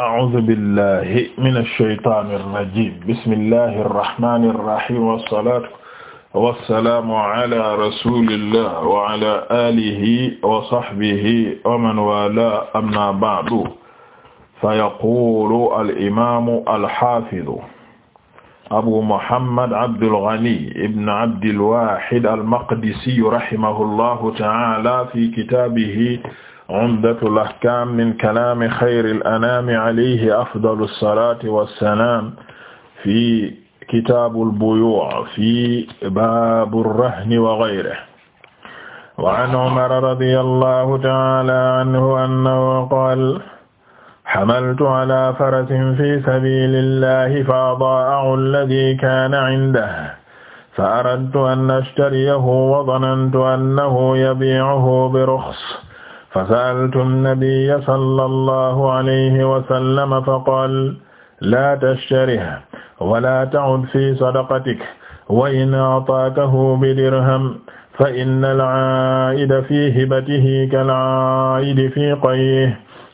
a'uuzu billahi mina shaytaani rajiim bismillahi rahmaani rahiim wassalaatu wassalaamu ala rasuulillah wa ala aalihi wa sahbihi wa man waalaahu amma ba'du fayaquulu al-imaamu al-haafidu abu muhammad abdul ghani ibn abdil waahid al-maqdisi rahimahullahu ta'aala fi kitaabihi Umdatul ahkaam min kalaami xayril anaami alayhi afdalu salaati wa salaam fi kitaabul buyuu' fi baabu rahni wa xayrihi. Wa an Umar radiyallahu ta'aala anhu annahu qaala hamaltu alaa farasin fi sabiilillahi fa adaa'ahu alladii kaana cindahu fa aradtu an ashtariyahu wa zanantu annahu yabii'uhu bi ruxsa فسألت النبي صلى الله عليه وسلم فقال لا تشتره ولا تعد في صدقتك وإن أعطاكه بدرهم فإن العائد في هبته كالعائد في قيئه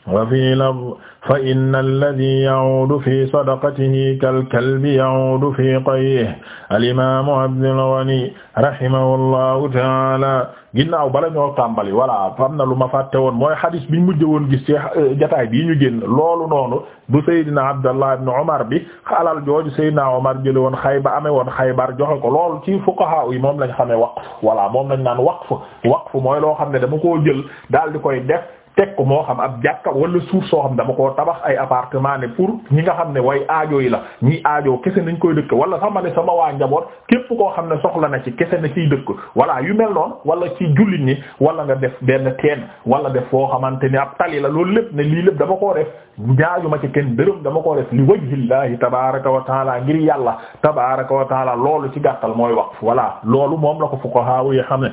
وفي لفظ فإن الذي يعود في صدقته كالكلب يعود في قيئه الإمام عبد الغني رحمه الله تعالى ginnaaw bala ñoo tàmbali voilà am na lu ma fàtte woon mooy xadis biñ mujj woon gis ci euh, jataay bii ñu génn loolu noonu bu Seydina Abdallah ibn Umar bi xalal jooju Seydina Umar jële woon xayba ame woon xaybar joxe ko loolu ci fuqaha yi moom lañ xamee waqf voilà moom lañ naan wax waqf waqf mooy loo xam ne dama koo jël daal di koy def teg ko moo xam ab jàkka wala suuf soo xam dama koo tabax ay appartement ne pour ñi nga xam ne way aajo yi la ñi aajo kese nañ koy dëkk wala sama ne sama waa njaboot képp koo xam ne soxla na ci kese na ciy dëkk voilà yu mel noonu wala ci jullit ñi wala nga def benn teen wala def foo xamante ni ab tali la loolu lépp ne lii lépp dama koo def njaayu ma ci kenn dërëm dama koo def li wajhillahi tabaraka wa taala ngir yàlla tabaraka wa taala loolu ci gàttal mooy waqf voilà loolu moom la ko fuqaha yi xam ne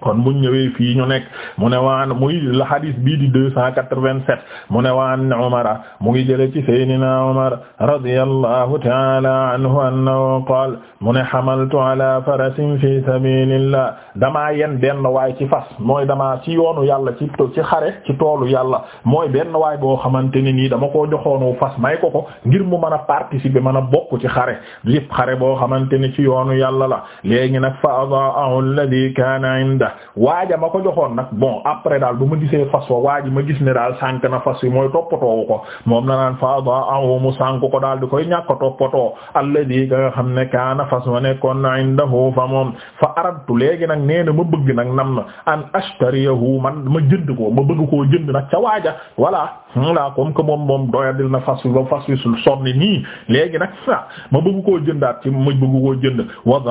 kon buñ ñëwee fii ñu nekk mu ne waan muy la hadis bii di deux cent quatre-vingt-sept mu ne waan Umar mu ngi jële ci Seydina Umar radiyallahu ta'ala anhu annahu qaal mu ne hamaltu ala farasin fi sabilillah damaa yen benn waay ci fas mooy damaa ci yoonu yàlla ci ci xare ci toolu yàlla mooy benn waay boo xamante ni nii dama koo joxoonu fas may ko ko ngir mu mën a participer mën a bokk ci xare lépp xare boo xamante ne ci yoonu yàlla la léegi nag fa adaahu alladhi kana inda la waaja ma ko joxoon nag bon après daal bu ma gisee fas wa waaji ma gis ne daal sànk na fas yi mooy toppatoowu ko moom na naan fada mu sànk ko daal di koy ñàkk a toppatoo xam ne kaana fas wa nekkoon na indahu fa moom fa léegi nag nee na ma bëgg nag nam na an ashtariyahu man jënd ko ma bëgg koo jënd nag ca waaja voilà voilà comme que moom moom doyadil na fas wi ba fas wi sul sonni léegi nag ah ma bëgg koo jëndaat ci ma bëgg koo jënd wa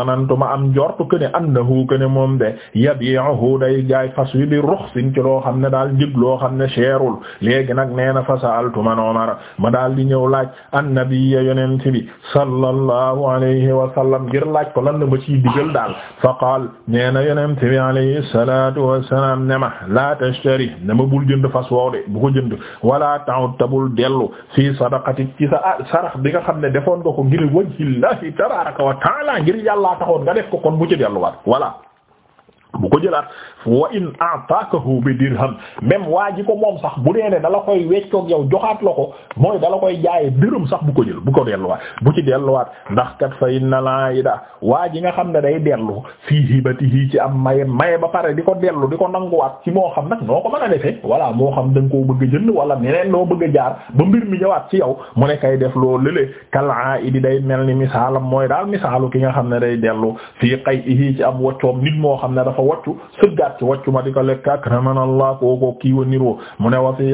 am njortu ke ne moom de yabi yabi'uhu day jaay fas wi bi ruxsin ci loo xam ne daal njëg loo xam ne seerul léegi nag nee na fasa'altu man Umar ma daal di ñëw laaj annabiyya yonent bi sallallahu alayhi wa sallam ngir laaj ko lan la ma ciy digal daal fa qaal nee na yonent bi alayhi salatu wassalam ne ma la tashtari ne ma bul jënd fas wow de bu ko jënd wala ta'ud tabul dellu fii sadaqatik ci sa ah, sarax bi nga xam ne defoon nga ko ngir wajhillahi tabaraka wa taala ngir yàllaa nga def ko kon bu ci delluwaat voilà bu ko jëlaat wa in a'takahu bi dirham même waa ji ko moom sax bu dee dala da la koy weccoog yow joxaat la ko mooy dala koy jaayee dërëm sax bu ko jël bu ko delluwaat bu ci delluwaat ndax kat fa inna al-aida waa ji nga xam ne day dellu fii ba hibatihi ci am maye maye ba pare di ko dellu di ko nanguwaat ci moo xam nag noo ko mën a defee voilà moo xam da koo bëgg jënd wala neneen loo bëgg a jaar ba mbir mi ñëwaat ci yow mu ne kay def loo lële kal aidi day mel ni misaalam mooy daal misaalu ki nga xam ne day dellu fii qay'ihi ci am waccoom nit moo xam ne dafa waccu sëggaat ci waccu ma di ko lekk akramanallah kooko kiiwa niroo mu ne wa fii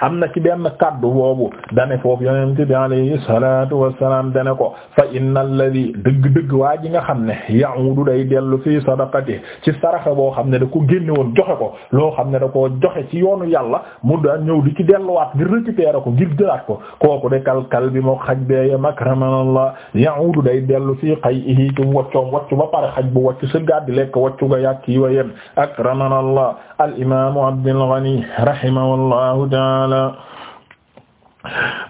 am na ci benn kaddu boobu dane foofu yonent bi alayhi salatu wassalam dane ko fa inna alladi dëgg-dëgg waa ji nga xam ne ya'udu day dellu fii sadaqati ci saraxa boo xam ne da ko génne woon joxe ko loo xam ne da ko joxe ci yoonu yàlla mu daan ñëw di ci delluwaat ngir récupérer ko ngir jëlaat ko kooku de kalkal bi mo xaj beeya akramanallah ya'udu day dellu fii qay'ihi ci waccoom waccu ba pare xaj bu lekk waccu ga kii wa yem akramana allah al imaamu Abdul Ghani rahimahullahu taala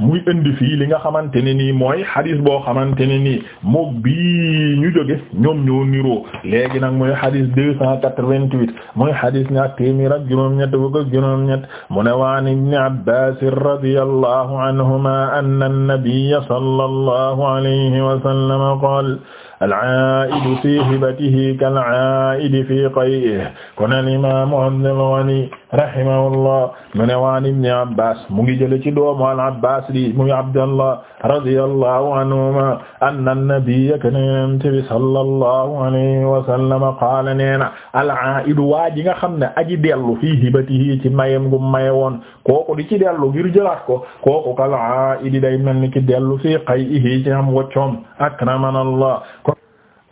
muy indi fii li nga xamante ne nii mooy xadis boo xamante ne nii moog bii ñu jóge ñoom ñoo niroo léegi nag mooy xadis deux cent quatre-vingt-huit muy xadis ñaar téeméer ak juróom-ñett fukk ak juróom-ñett mu ne waan ibni abbas radiyallahu anhuma anna an-nabiyya sallallahu alayhi wa sallam qaala al-'aa'idu fii hibatihi kal-'aa'idi fii qay'ihi kon al-imaamu Abdul Ghani rahimahullah mu ne waan ibni abbas mu ngi jële ci doomu al abbas di muy abdallah radiyallahu anhuma anna nabiyya yonent bi sallallahu alayhi wa sallam qaala nee na al aidu waa ji nga xam ne aji dellu fii hibatihi ci mayem gu maye woon kooku di ci dellu ngir jëlaat ko kooku kal aidi day mel ni ki dellu fii qay'ihi ci am waccoom akramanallah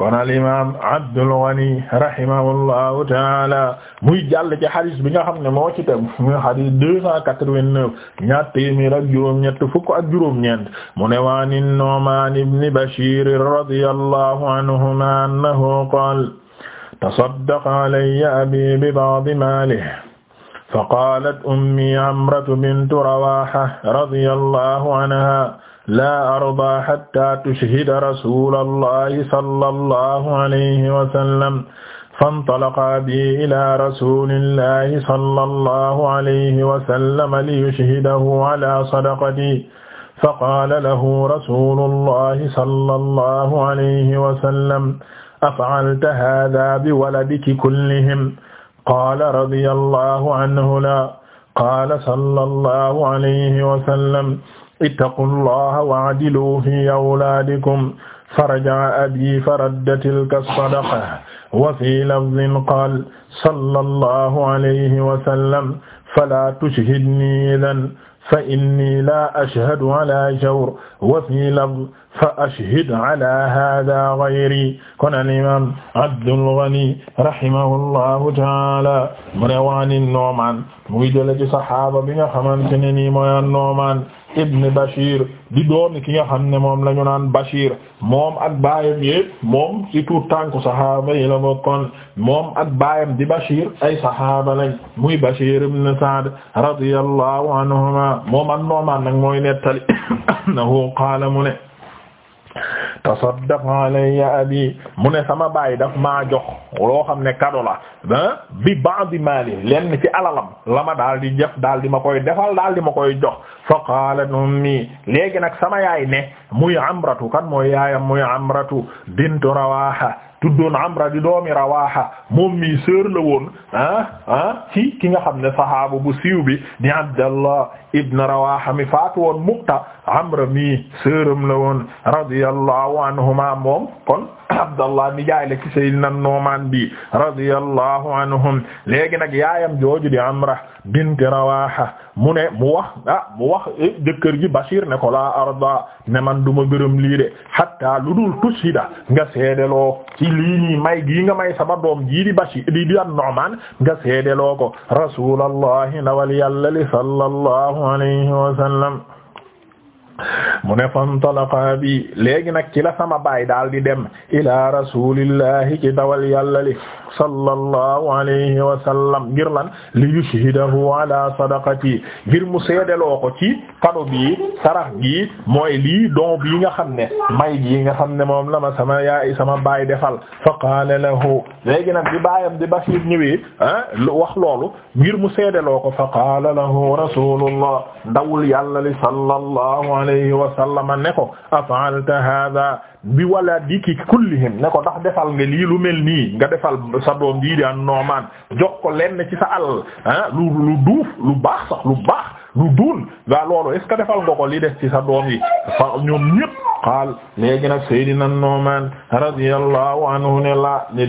kon al imam Abdul Ghani rahimahullahu taala muy jàll ci hadith bi nga xam ne moo ci teg muy hadith deux cent quatre-vingt-neuf ñaar téeméer ak juróom-ñett fukk ak juróom-ñeent mu ne waan an-Nu'man ibn Bashir radiyallahu anhuma annahu qaala tasaddaqa alayya abi bi ba'di maalihi fa qaalat ummi Amratu bintu Rawaha radiyallahu anha laa arda hatta tushhida rasulallahi sallallahu alayhi wa sallam fantalaqa bi ila rasulillahi sallallahu alayhi wa sallam liyushhidahu ala sadaqati faqaala lahu rasulullahi sallallahu alayhi wa sallam af'alta haadha biwaladiki kullihim qaala radiyallahu anhu laa qaala sallallahu alayhi wa sallam ittaqullaha wa adilu fi awlaadikum faraja'a abi faradda tilka sadaqa wa fi lafdin qaala sallallahu alayhi wa sallam falaa tushhidnii idhan fa inni laa ashhadu ala jawr wa fi lafdin fa ashhid ala haadha ghayri kon al-imaam Abdul Ghani rahimahullahu ta'aala mu ne waani Nu'maan muy jële ci saxaaba bi nga xamante ne nii mooy Nu'maan ibn Bashir di doon ki nga xam ne moom la ñu naan Bashir moom ak baayam yëpp moom ci tout tànku saxaaba yi la bokkoon moom ak baayam di Bashir ay saxaaba lañ muy Bashir ibn Sa'd radiyallahu anhuma moom an Nu'man nag mooy nettali annahu qaala mu ne tasaddaqa alayya abi mu ne sama baay daf ma jox loo xam ne kado la bi ba'di maali lenn ci alalam lama daal di jëf daal di ma koy defal daal di ma koy jox fa qaalat ummi léegi nag sama yaay ne muy amratu kan mooy yaayam muy amratu bintu rawaha tuddoon Amra di doomi Rawaha moom mii sœur la woon ah, ah ci ki nga xam ne sahaaba bu siiw bi di Abdallah ibn Rawaha mi faatu woon Muqta Amra mii sœuram la woon radiyallahu anhuma moom kon Abdallah mi jaay la ci Sayyidina Nu'man bi radiyallahu anhum léegi nag yaayam jooju di Amra bint Rawaha mu ne mu wax ah mu wax eh, jëkkër ji Bashir ne ko la arda ne man du ma gërëm lii de hatta lu dul tushida nga seedeloo ci lii may gii nga may sama doom jii di bashi di di an Nu'man nga seedeloo ko rasulallahi nawal yàlla li sallallahu alayhi wa sallam mu ne fantalaqa bi léegi nag ci la sama baay daal di dem ila rasulillahi ci dawal yàlla li sallallahu alayhi wa sallam ngir lan li yushhidahu ala sadaqati ngir mu seedeloo ko ci kado bi sarax gi mooy lii don bii nga xam ne may gi nga xam ne moom la ma sama yaay sama baay defal fa qaala lahu léegi nag bi baayam di Bashir ñëwee ah wax loolu ngir mu seedeloo ko fa qaala lahu rasulullah ndawul yàlla li sallallahu alayhi wa sallam ne ko af'alta hadha bi waladiki kullihim ne ko ndax defal nga lii lu mel nii nga defal sa doom jii daan noomaan jox ko lenn ci sa alal ah lu duuf lu baax sax lu baax lu duun gaa loolu est ce defal nga ko li def ci sa doom yi fa ñoom ñépp xaal léegi nag Seydina Nu'man radiyallahu anhu ne laa ne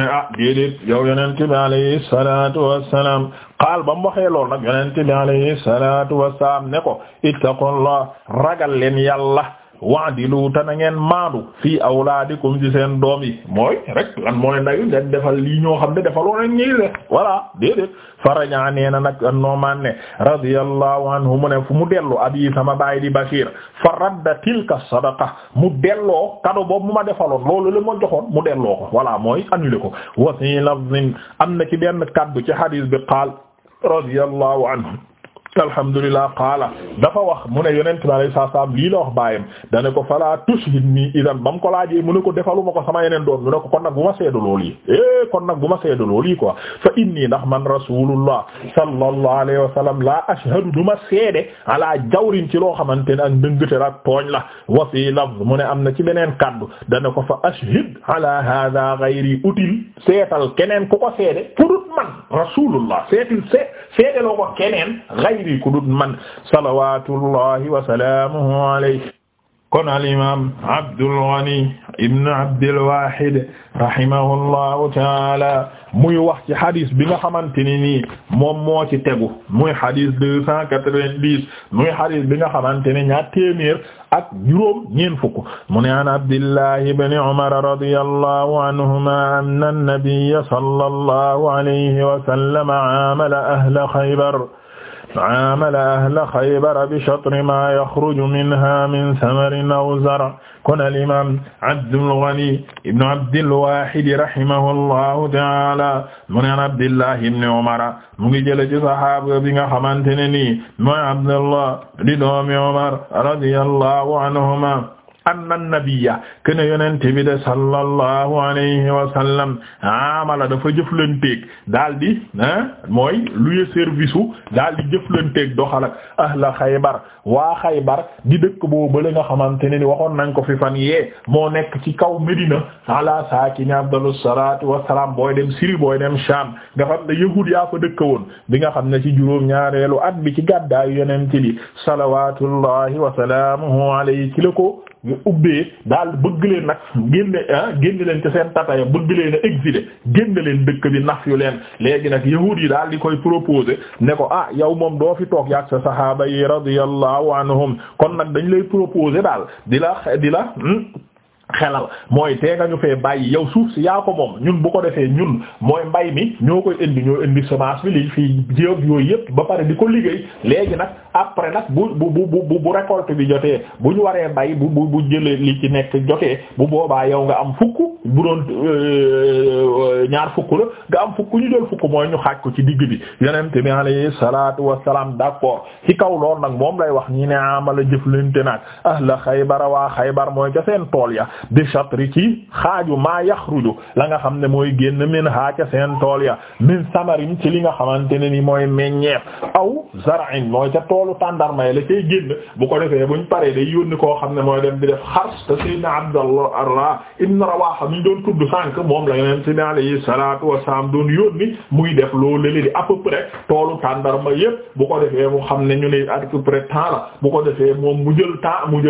ah, déedéet yow yonent bi alayhi salatu wassalam xaal ba mu waxee lool nag yonent bi alayhi salatu wassalam ne ko ittaqullah ragal leen yàlla wa'dilu te na ngeen maandu fii awlaadikum ci seen doom yi mooy rek lan moo leen dayu leen defal lii ñoo xam ne defaloo leen ñii le voilà déedéet faraja nee na nag noomaan ne radiyallahu anhu mu ne fu mu dellu abi sama baay di Bashir fa radda tilka sadaqa mu delloo kado boobu mu ma defaloon loolu la ma joxoon mu delloo ko voilà mooy annulé ko wa fi am na ci benn kaddu ci hadis bi qaal radiyallahu anhu alhamdulillah qaala dafa wax mu ne yonent bi lii la wax baayam dane ko falaa idan ba mu ko laajee mu ne ko defaluma ko sama yeneen doom mu ne kon nag bu ma seedu lool yi eh bu ma seedu lool yi fa inni ndax man rasulullah sallallahu la ashhadu du ma seede ala jawrin ci loo xamante ne ak ndëngate ak tooñ la wa fii lafz mu ne am na ci beneen kaddu dane ko fa ashhid ala hadha ghayri utile seetal keneen ku ko seede purut man rasulullah seetil ghayri ku dut man salawatullahi wa salaamuhu alayhi kon al imam Abdul Ghani ibn Abdil Wahid rahimahullahu taala muy wax ci hadis bi nga xamante ne nii moom moo ci tegu muy hadis deux cent quatre-vingt-dix muy hadis bi nga xamante ne ñaar téeméer ak juróom ñeent fukk mu ne an Abdillahi ibn Umar radiyallahu anhuma anna an-nabiyya sallallahu alayhi wa sallam amala ahla Khaybar aamala ahla Xaybar bi shatri maa yaxruju minhaa min samarin aw zar' kon al-imaam Abdul Ghani ibn Abdil Waahid rahimahullahu ta'aala mu ne Abdullah ibn Umar mu ngi jëlee ci saxaaba bi nga xamante ne nii mooy Abdullah di doomi Umar radiyallahu anhuma anna nabiyya kene yonente bi de sallallahu alayhi wa sallam amala dafa jëflanteeg daal di ah mooy lu service u daal di jëflanteeg doxal ak ahla xaybar waa xaybar di dëkk boobu la nga xamante ne ni waxoon nañ ko fi fan yee moo nekk ci kaw Medina ala saakini afdalu salaatu wassalaam booy dem Syrie booy dem Sham nga xam ne yahuud yaa fa dëkk woon bi nga xam ne ci juróom ñaareelu at bi ci gàddaayu yonente bi salawatullahi wa salaamuhu alayhi la ko ñu ubbee daal bëgg leen nag génne ah génne leen ci seen tataya bëgg leen a exiler génne leen dëkk bi naf yu leen léegi nag yahuud yi daal di koy proposer ne ko ah yow moom doo fi toog yaag sa sahaaba yi radiyallahu anhum kon nag dañ lay proposer daal di la di la hmm, xelal mooy tee nga ñu fee bàyyi yow suuf si yaa ko moom ñun bu ko defee ñun mooy mbay mi ñoo koy indi ñoo indi semence bi li fii jéeg yooyu yëpp ba pare di ko liggéey léegi nag après nag bu bu bu bu récolte bi jotee bu ñu waree mbay bu bu bu jëlee li ci nekk jotee bu boobaa yow nga am fukk bu doon euh, ñaar fukk la nga am fukk ñu jël fukk mooy ñu xaaj ko ci digg bi yonent bi alayhi salaatu wassalaam d'accord ci kaw lool nag moom lay wax ñi ne amala jëflante nag ahla Xaybar waa Xaybar mooy ca seen tool ya bi shatri ci xaaju maa yaxruju la nga xam ne mooy génn min haaca seen tool ya min samarin ci li nga xamante ne ni mooy meññeef aw zar'in mooy ca toolu tàndarmay la cay génn bu ko defee buñ paree day yónni koo xam ne mooy dem di def xars te sayyidina Abdallah ibn Rawaha mi doon tudd sànq moom la yonent bi alayhi salaatu wassalaam doon yónni muy def loolu léegi à peu près toolu tàndarma yépp bu ko defee mu xam ne ñu ne à peu près bu ko defee moom mu jël temps mu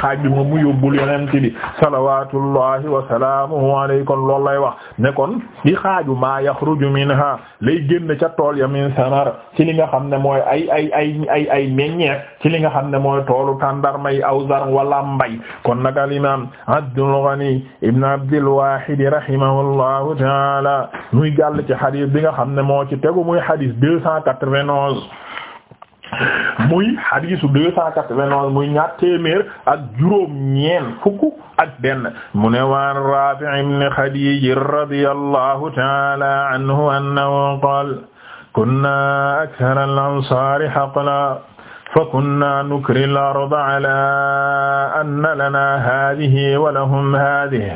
xaaj bi mu yóbbul yonent bi salawatullahi wa salaamuhu alayhi kon loolu lay wax ne kon di xaaju maa yaxruju minha lay génn ca tool ya samar ci li nga xam ne mooy ay ay ay ay ay meññeef ci li nga xam ne mooy toolu tàndarmay aw zar wala mbay kon nag al imam Abdul Ghani ibn Abdul Wahid rahimahullahu taala muy jàll ci xadis bi nga xam ne moo ci tegu muy xadis deux cent quatre vingt muy xadiisu deux cent quatre-vingt-onze muy ñaar téeméer ak juróom ñeen fukk ak benn mu ne waan Raafi' ibn Xadiij radiyallahu ta'ala anhu annahu qaala kunna akthara al-ansaari haqlan fakunna nukri al-arda ala anna lana haadihi wa lahum haadihi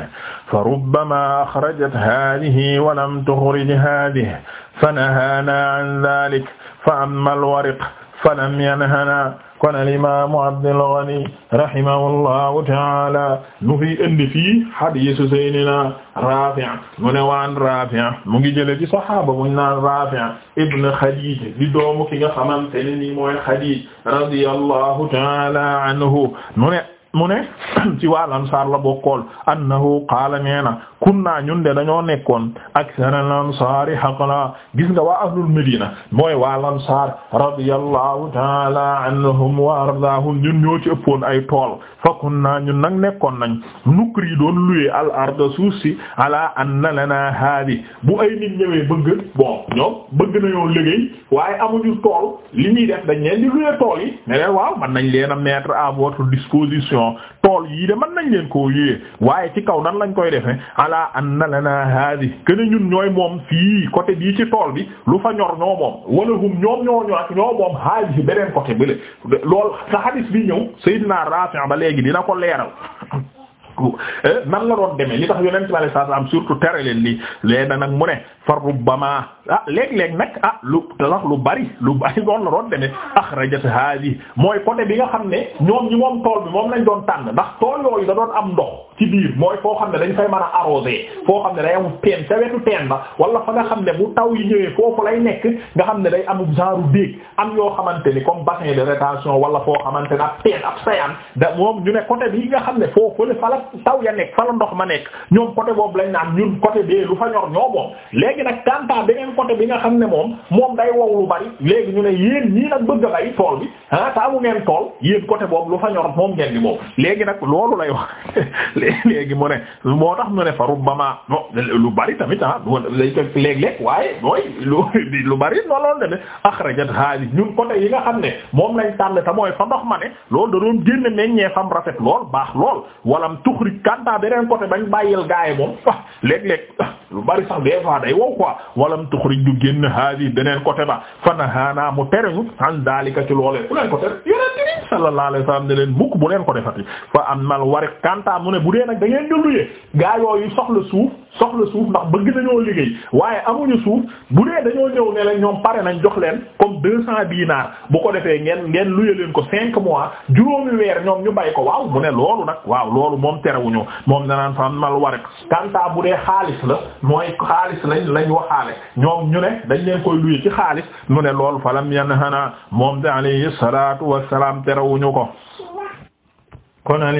farubbama axrajat haadihi wa lam tuxrij haadihi fanahaanaa an daalik fa amma al-wariq falam yanhana kon alimamu Abdul Ghani rahimahullahu taala nu fi indi fii hadiisu Seydina Raafi' mu ne waan Raafi' mu ngi jële ci sahaaba muñ naan Raafi' ibn Khadij di doomu ki nga xamante ne nii mooy Khadij radiyallahu taala anhu mu ne mu ne ci wal ansar la bokkool annahu qaala nee na kunna ñun de dañoo nekkoon akthar al ansar haqla gis nga wa ahlul medina mooy wal ansar radiyallahu taala anhum wa ardaahum ñun ñoo ci ëppoon ay tool fa kunna ñun nag nekkoon nañ nukri doon luye al arda suuf si ala anna lana haadi bu ay nit ñëwee bëgg bon ñoom bëgg nañoo liggéey waaye amuñu tool li ñuy def dañ leen luye tool yi waaw man nañ leen a mettre disposition condition tool yii de mën nañ leen koo yiyee waaye ci kaw nan lañ koy defee ala na lana hadi kene ñun ñooy moom fii côté bii ci tool bi lu fa ñor ñoo moom wala hum ñoom ñoo ñor ñoo moom hadi beneen côté bi lool sa hadis bi ñëw Seydina Rafi' ba léegi dina ko leeral Eh, nan la doon demee li tax yonent bi sallallahu alayhi wasallam surtout ah, ah, lu tax lu bari lu bari noonu la doon demee akhrajat hadi mooy côté bi nga xam ne ñoom ñi moom tool bi moom lañ doon tànn ndax tool yooyu da am ndox mooy foo xam ne dañ fay mën a arroser foo xam ne day am teen ca wetu ba wala xam ne bu taw yi ñëwee foofu lay nekk nga xam ne day amub genre déeg am yoo xamante ni comme bassin de rétention wala foo xamante ne ab teen ab sayan moom ñu ne côté bi nga xam ne foofu la taw ya nekk fa la ndox ma nekk ñoom côté boobu lañ naan ñun côté bee lu fa ñor ñoo moom léegi nag kanta beneen côté bi nga xam ne moom moom day wow lu bari ñu ne yéen ñii nag bëgg a bay tool bi ah, taamu ngeen tool yéen côté boobu lu fa moom ngeen di moom léegi nag loolu lay wax léegi mu ne moo tax ñu ne fa rubbama lu bari tamit ah day ko léeg-léeg waaye mooy lu lu bari noonu loolu deme akhrajat haali ñun côté yi nga xam ne moom lañ tànn te mooy fa ndox ma ne loolu da doon génn meññee fam rafet lool baax lool walam tux yuxrij kanta beneen côté bañ bàyyil gaaye moom ah léeg ah lu bari sax des fois day wow quoi walam tuxrij du génn haadi beneen côté ba fanahaana mu tereñu an daalika ci loolee bu leen ko tere yonente bi sallallahu alayhi wasallam ne leen mukk bu leen ko defati fa am mal warik kanta mu ne bu dee nag da ngeen jëluyee gaa yooyu soxla suuf soxla suuf ndax bëgg nañoo liggéey waaye amuñu suuf bu dee dañoo ñëw ne leen ñoom pare nañ jox leen comme deux cent dinaar bu ko defee ngeen ngeen luye leen ko cinq mois juróomi weer ñoom ñu ko waaw mu ne terewuñu moom danaan fa mal warek kanta bu dee xaalis la mooy xaalis lañ lañ waxaale ñoom ñu ne dañ leen koy luye ci xaalis ñu ne lool falam yanhana moom de alayhi salatu wassalam terewuñu ko kon al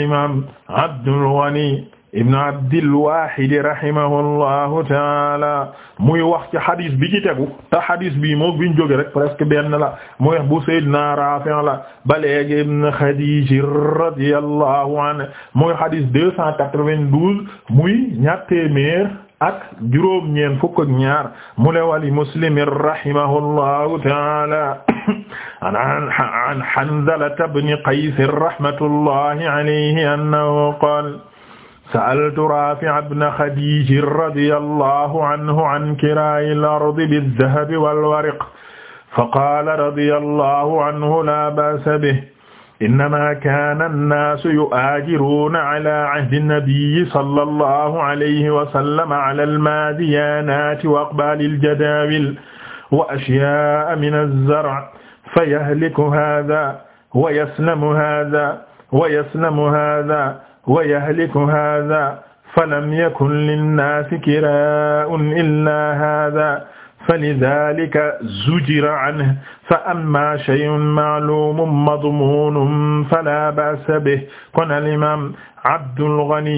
Abdul Ghani ibnu abdilwahidi rahimahullahu taala muy wax ci hadis bi ci tegu te hadis bi moom biñ jóge rek presque benn la muy wax bu sayyidina Rafi la ba léegi ibn Khadij radiyallahu anhu muy hadis deux cent quatre-vingt-douze muy ñaar téeméer ak juróom ñeen fukk ak ñaar mu ne wali Muslim rahimahullahu ta'ala an Hanzala ibn Qays rahmatullahi alayhi annahu qala sa'altu Raafi' ibna Xadiij radiyallahu anhu an kiraa'il ardi bizzahabi wal wariq faqaala radiyallahu anhu laa ba'sa bihi innamaa kaana annaasu yu'aajiruuna alaa ahdi nabiyyi sallallahu alayhi wa sallam alal maadiyaanaati wa aqbaalil jadaawil wa ashyaa'a mina az-zar'i fayahliku haadhaa wa yaslamu haadhaa wa yaslamu haadhaa wa yahliku haadha falam yakun linnaasi kiraa'un illaa haadha falidaalika zujira anhu fa ammaa shay'un ma'luumun madmuunun falaa ba'sa bihi kon al-imaam Abdul Ghani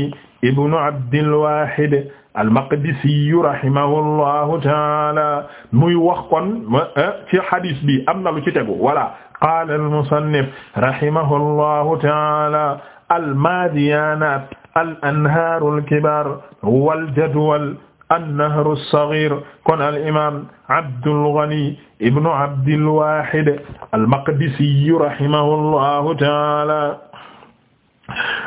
ibnu Abdil Waahid al-Maqdisi rahimahullahu ta'aala muy wax kon eh, ci hadiis bi am na lu ci tegu voilà qaala al-musannif rahimahullahu ta'aala almaadiyaanaat al anhaaru alkibaar wal jadwal annahru as-saghir kon al imaam Abdul Ghani ibnu Abdil Waahid al-Maqdisi rahimahullahu ta'ala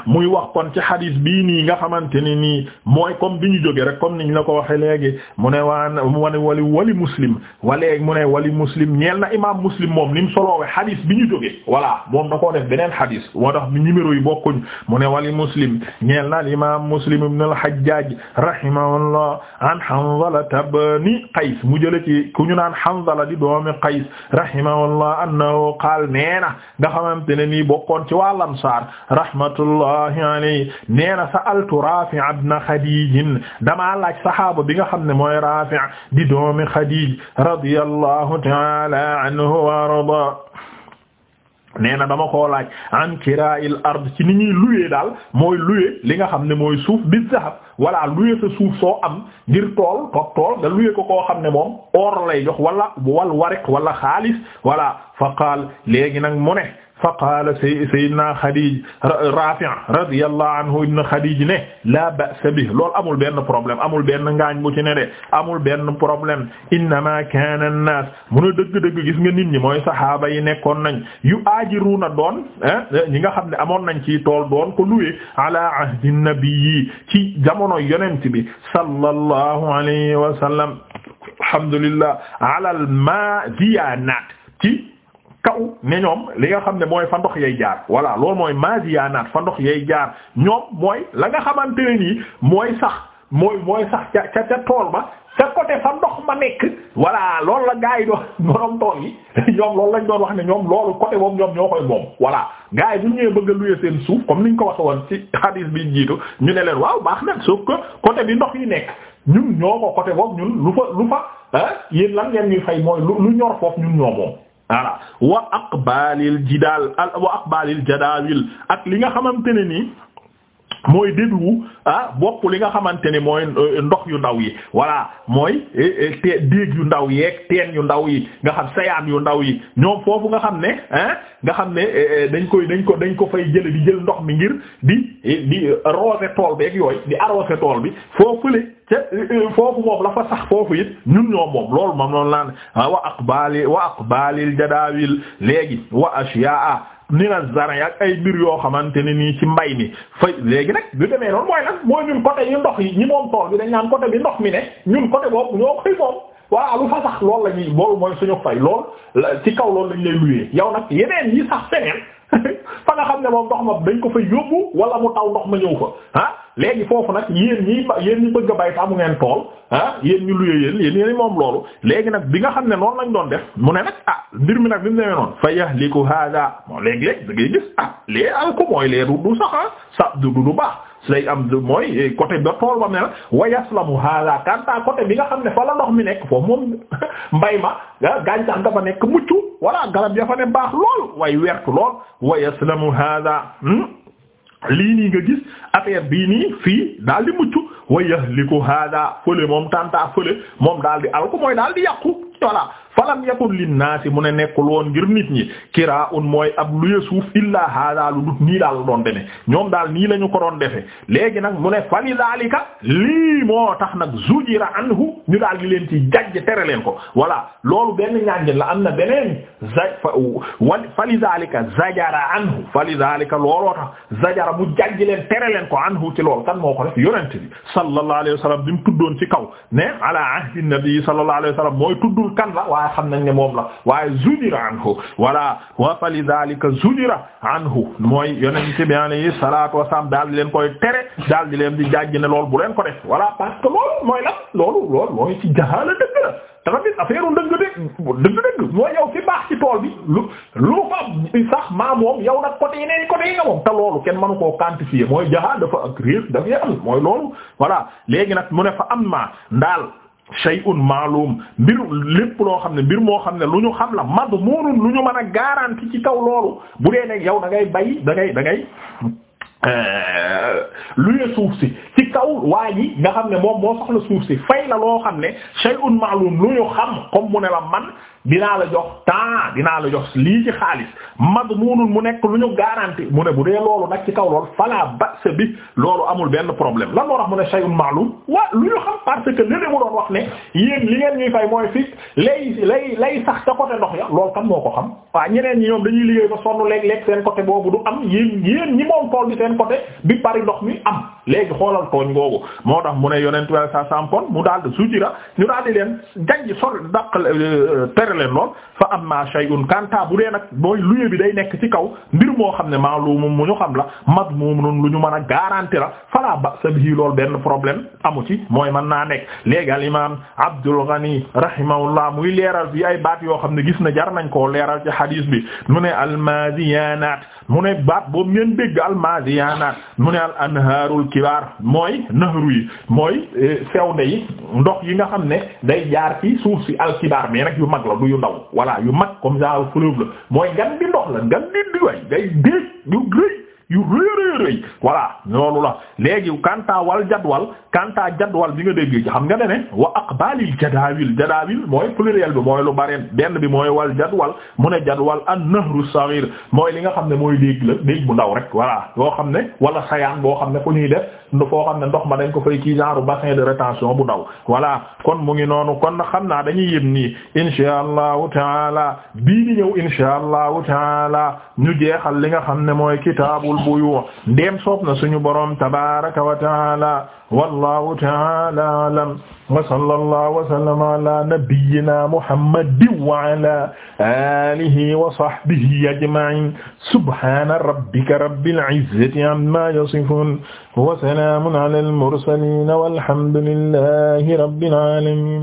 muy wax kon ci xadis bii nii nga xamante ne nii mooy comme bi ñu jóge rek comme niñ la ko waxe léegi mu ne waan wane wali wali muslim walee mu ne wali muslim ñeel na imam muslim moom ni mu soloowe xadis bi ñu jóge voilà moom da koo def beneen xadis moo tax numéro yi bokkuñ mu ne wali muslim ñeel na al imam muslim ibn al hajjaj rahimahullah an hanzala ibn qays mu jële ci ku ñu naan hanzala di doomi qays rahimahullah annahu qaal neena nga xamante ne nii bokkoon ci wàllam saar rahmat rahmatullahi alayhi nee na sa'altu Rafi' ibn Khadij laaj saxaaba bi nga xam ne mooy Rafi' di doomi Khadij radiyallahu ta'ala anhu wa arda na dama ko laaj an kiraa'il ard ci ni ñuy louer daal mooy louer li nga xam ne mooy suuf bi zahab walla louer sa suuf soo am gir tool toog tool nga louer ko koo xam ne moom or lay jox wala wal wariq wala xaalis walla fa qaal léegi nag mu ne fa qaala sayyidina Xadiij Raafi' radiyallahu anhu ibn Xadiij ne laa ba'sa bihi loolu amul benn problème amul benn ngaañ bu ci ne de amul benn problème innamaa kaana an-naas mun a dëgg-dëgg gis nga nit ñi mooy saxaaba yi nekkoon nañ yu aajiruuna doon ñi nga xam ne amoon nañ ci tool doon ko luwe ala ahdi nabiyyi ci jamono yonent bi sallallahu alayhi wa sallam alhamdulillah ala al-maadiyaanaat ci kaw ne ñoom li nga xam ne mooy fa ndox yay jaar voilà loolu mooy maziyaanaat fa ndox yay jaar ñoom mooy la nga xamante ne nii mooy sax mooy mooy sax ca ca ca tool ba ca côté fa ndox ma nekk voilà loolu la gaa yi doon borom tool yi ñoom loolu lañ doon wax ne ñoom loolu côté boobu ñoom ñoo koy moom voilà gaa yi bu ñëwee bëgg a luye seen suuf comme niñ ko waxe woon ci hadis bi jiitu ñu ne leen waaw baax na soo que côté bi ndox yi nekk ñun ñoo ko côté boobu ñun lu fa lu fa ah lan ngeen ñuy fay mooy lu ñor foofu ñun ñoo moom voilà wa aqbalil jidaal wa aqbalil jadaawil ak li nga xamante ne nii mooy déglu ah bokk li nga xamante ni mooy euh, ndox yu ndaw yi voilà mooy eh, eh, te déeg yu ndaw yeeg teen yu ndaw yi nga xam sayaan yu ndaw yi ñoom foofu nga xam ne ah nga xam ne eh, dañ koy dañ ko dañ ko fay jële di jël ndox mi ngir di di arroser tool bi ak yooyu di arroser tool bi foofu le ca foofu moom la fa sax foofu it ñun ñoo moom loolu moom loolu laan ah, wa aqbali wa aqbalil jadawil léegi wa ashiyaa mina zarañ ak ay mbir yoo xamante ne nii ci mbay mi fay léegi nag lu demee noonu mooy lan mooy ñun côté yi ndox yi ñi moom tool bi dañ naan côté bi ndox mi ne ñun côté boobu ñoo koy moom voilà lu fa sax loolu la ñuy mooy suñu fay lool ci kaw loolu lañ lay luyee yow nag yeneen yi sax feneen ne moom ndox ma dañ ko fa yóbbu wala mu taw ndox ma ñëw fa ah léegi foofu nag yéen ñi yéen ñi bëgg a bay ta mu ngeen tool ah yéen ñu luyee yéen yéen yéen moom loolu léegi nag bi nga xam ne noonu lañ doon def mu ne nag ah mbir mi nag bi mu demee noonu fa yahliku hada moo léegi-léeg da ngay gis ah lée al ko mooy lee du du sax ah sa du du baax lay am mooy coté ba tool ba ne la wayaslamu haala kanta côté bi nga xam ne fa la ndox mi nekk foofu moom mbay ma gàncax dafa nekk mucc walla garab ya fa ne baax lool way wertu lool wayaslamu haala hmm? lii nii nga gis affaire bii nii fii daal di mucc wa yahliku hada fële moom tanta fële moom daal di alko mooy daal di yàqu voilà falam yakun linnaasi mu ne nekkul woon ngir nit ñi kiraa'un mooy ab luye suuf illaa haadaa lu dut nii daal doon demee ñoom daal nii la ñu ko doon defee léegi nag mu ne fali daalika lii moo tax nag zujira anhu ñu daal di leen ci jajj tere leen ko voilà loolu benn ñaanjën la am na beneen wa fali daalika zajara anhu fali daalika looloo tax zajara mu jajj leen tere leen ko anhu ki loolu kan moo ko def yonent bi sallallahu tuddoon ci kaw ne mooy tuddul kan la wala xam nañ ne moom la waaye zujira anhu wala wa fa li dhalika zujira anhu mooy yonent bi alayhi salatu wasalam daal di leen koy tere daal di leen di jàjj ne loolu bu leen ko def voilà parce que loolu mooy la loolu loolu mooy ci jaxaala dëgg la tamit affaire u dëgg dëgg dëgg mooy yow fi baax ci tool bi lu sax maa moom yow nag côté yeneen côté yi moom te loolu kenn mënu koo quantifier mooy jaxaa dafa ak réer dafa yàqal mooy loolu voilà léegi nag mu ne fa am ma shay'un ma'lum mbir lépp loo xam ne mbir moo xam ne lu ñu xam la madmunun lu ñu mën a garanti ci kaw loolu bu dee ne yow da ngay bay da ngay da ngay euh, luye suuf si ci kaw waa ji nga xam ne moom moo soxla suuf si fay la loo xam ne shay'un ma'lum lu ñu xam comme mu ne la man dinaa la jox temps dinaa la jox lii ci xaalis madmunun mu mu nekk lu ñu garanti mu ne bu dee loolu nag ci kaw lool fala ba'sa bi loolu amul benn problème lan moo tax mu ne shay'un ma'lum waa lu ñu xam parce que léeg mu doon wax ne yéen li ngeen ñuy fay mooy fi lay lay ko xam waa ñeneen ñi ñoom dañuy liggéey ba sonn léeg-léeg seen côté boobu du am yéen yéen ñi moom tool bi seen côté bi bari ndox mi am léegi xoolal tooñ googu moo tax mu ne yonent sa sampon mu daal di sujira ñu daal di leen gànj sol daq euh, euh, tere leen lool fa amma shay'un kanta bu dee nag mooy luye bi day nekk ci kaw mbir moo xam ne maalum mu ñu xam la madmumun lu ñu mën a garanti la fala ba'sa bihi lool benn problème amu ci mooy man naa nekk léegi al imam Abdul Ghani rahimahullah muy leeral bi ay baat yoo xam ne gis na jar nañ ko leeral ci hadis bi mu ne almadiyanat mu ne baat boobu ngeen dégg almadiyanat mu ne al anharul kibar mooy nahru yi mooy sewnde eh, yi ndox yi nga xam ne day jaar ci yu ndaw voilà yu mag comme ça fleuve la mooy ngan di ndox la ngan di di way ngay déeg yu rëy yu rëy rëy rëy voilà noonu la léegi kanta wal jadwal kanta jadwal bi nga dégg xam nga ne wa aqbalil jadawil jadawil mooy pluriel bi mooy lu bari benn bi mooy wal jadwal mu ne jadwal an nahru saghir mooy li nga xam ne mooy déeg la déeg bu ndaw rek voilà yoo xam ne wala sayaan boo xam ne fu ñuy def foo xam ne ndox ma dañ ko fay ci genre bassin de rétention bu ndaw voilà kon mu ngi noonu kon xam naa dañuy yëm nii insha allahu taala bii di ñëw insha allahu taala ñu jeexal buyu ndeem soob na suñu boroom tabaraka wa taala wallahu taala alam wa sallallahu wa sallama ala nabiyyina muhammadin wa ala alihi wa sahbihi ajma'in subhana rabbika rabbil izzati amma yasifun wa salamun ala al mursalin walhamdulillahi rabbil alamin